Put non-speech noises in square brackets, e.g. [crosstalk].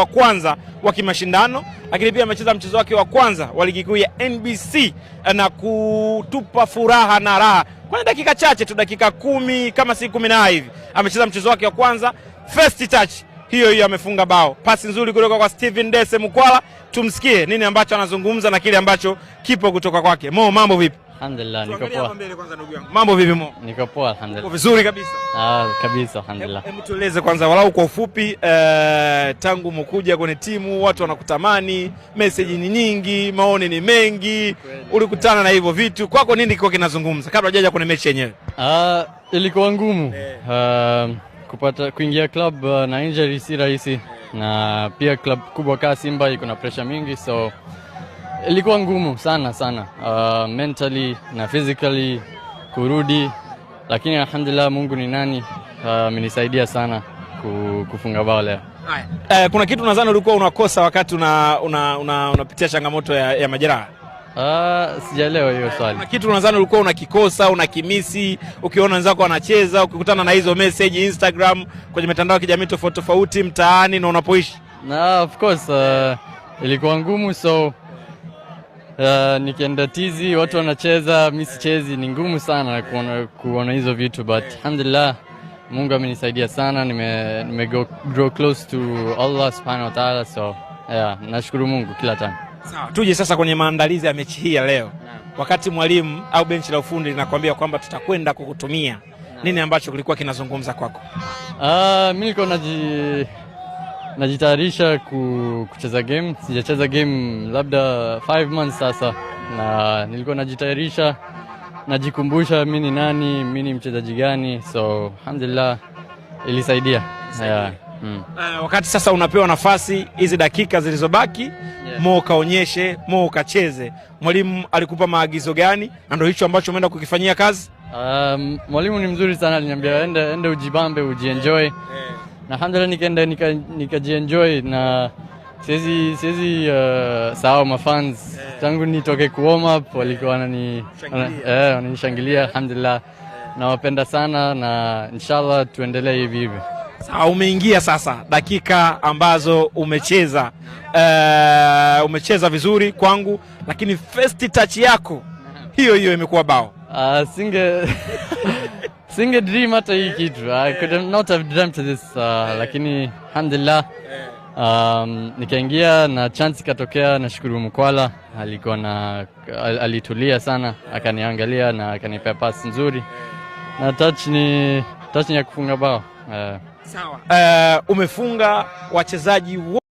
wa kwanza wa kimashindano, lakini pia amecheza mchezo wake wa kwanza wa ligi kuu ya NBC eh, na kutupa furaha na raha kwa dakika chache tu, dakika kumi kama si kumi na hivi, amecheza mchezo wake wa kwanza first touch hiyo hiyo amefunga bao. Pasi nzuri kutoka kwa Steven Dese Mukwala. Tumsikie nini ambacho anazungumza na kile ambacho kipo kutoka kwake. Mo, mambo vipi? Alhamdulillah niko poa. Mbele kwanza ndugu yangu. Mambo vipi mo? Niko poa alhamdulillah. Uko vizuri kabisa? Ah, kabisa alhamdulillah. Hebu tueleze kwanza walau kwa ufupi eh, tangu mkuja kwenye timu watu wanakutamani, message ni nyingi, maoni ni mengi. Ulikutana na hivyo vitu. Kwako nini kiko kinazungumza kabla hujaja kwenye mechi yenyewe? Ah, ilikuwa ngumu. Eh. Uh, kupata kuingia club uh, na injury si rahisi. Eh. Na pia club kubwa kama Simba iko na pressure mingi so ilikuwa ngumu sana sana, uh, mentally na physically kurudi, lakini alhamdulillah, Mungu ni nani uh, amenisaidia uh, sana kufunga bao leo. Eh, kuna kitu nadhani ulikuwa unakosa wakati unapitia una, una, una changamoto ya, ya majeraha uh, sijaelewa hiyo swali. kitu nadhani ulikuwa unakikosa unakimisi, ukiona wenzako wanacheza, ukikutana na hizo message Instagram, kwenye mitandao ya kijamii tofauti tofauti, mtaani na unapoishi na of course uh, ilikuwa ngumu so uh, nikienda tizi watu wanacheza, mi sichezi, ni ngumu sana kuona, kuona hizo vitu but alhamdulillah Mungu amenisaidia sana, nime, nime go, grow close to Allah subhanahu wa ta'ala, so yeah, nashukuru Mungu kila time. Sawa, tuje sasa kwenye maandalizi ya mechi hii ya leo na. Wakati mwalimu au benchi la ufundi linakwambia kwamba tutakwenda kukutumia nini ambacho kilikuwa kinazungumza kwako? Uh, mi nilikuwa naji najitayarisha kucheza game. Sijacheza game labda 5 months sasa, na nilikuwa najitayarisha, najikumbusha mi ni nani, mi ni mchezaji gani, so alhamdulillah ilisaidia, Yeah. Mm. Uh, wakati sasa unapewa nafasi hizi dakika zilizobaki, yeah. Mo ukaonyeshe, mo ukacheze. Mwalimu alikupa maagizo gani na ndio hicho ambacho umeenda kukifanyia kazi? Um, mwalimu ni mzuri sana, aliniambia ende, ende ujibambe ujienjoy, yeah. yeah na alhamdulillah nikaenda nikajienjoy nika na siwezi siwezi uh, sahau mafans yeah. tangu nitoke ku up walikuwa wanani eh wananishangilia alhamdulillah yeah. nawapenda sana na inshallah tuendelee hivi hivi Sawa, umeingia sasa dakika ambazo umecheza uh, umecheza vizuri kwangu, lakini first touch yako hiyo hiyo imekuwa bao. Uh, singe [laughs] Singe dream hata hii kitu. I eh. could not have dreamt this uh, eh. lakini alhamdulillah eh. um, nikaingia na chance ikatokea. Nashukuru Mkwala alikuwa na alitulia sana, akaniangalia na akanipea pass nzuri na touch ni touch ni ya kufunga bao uh. Sawa. Uh, umefunga wachezaji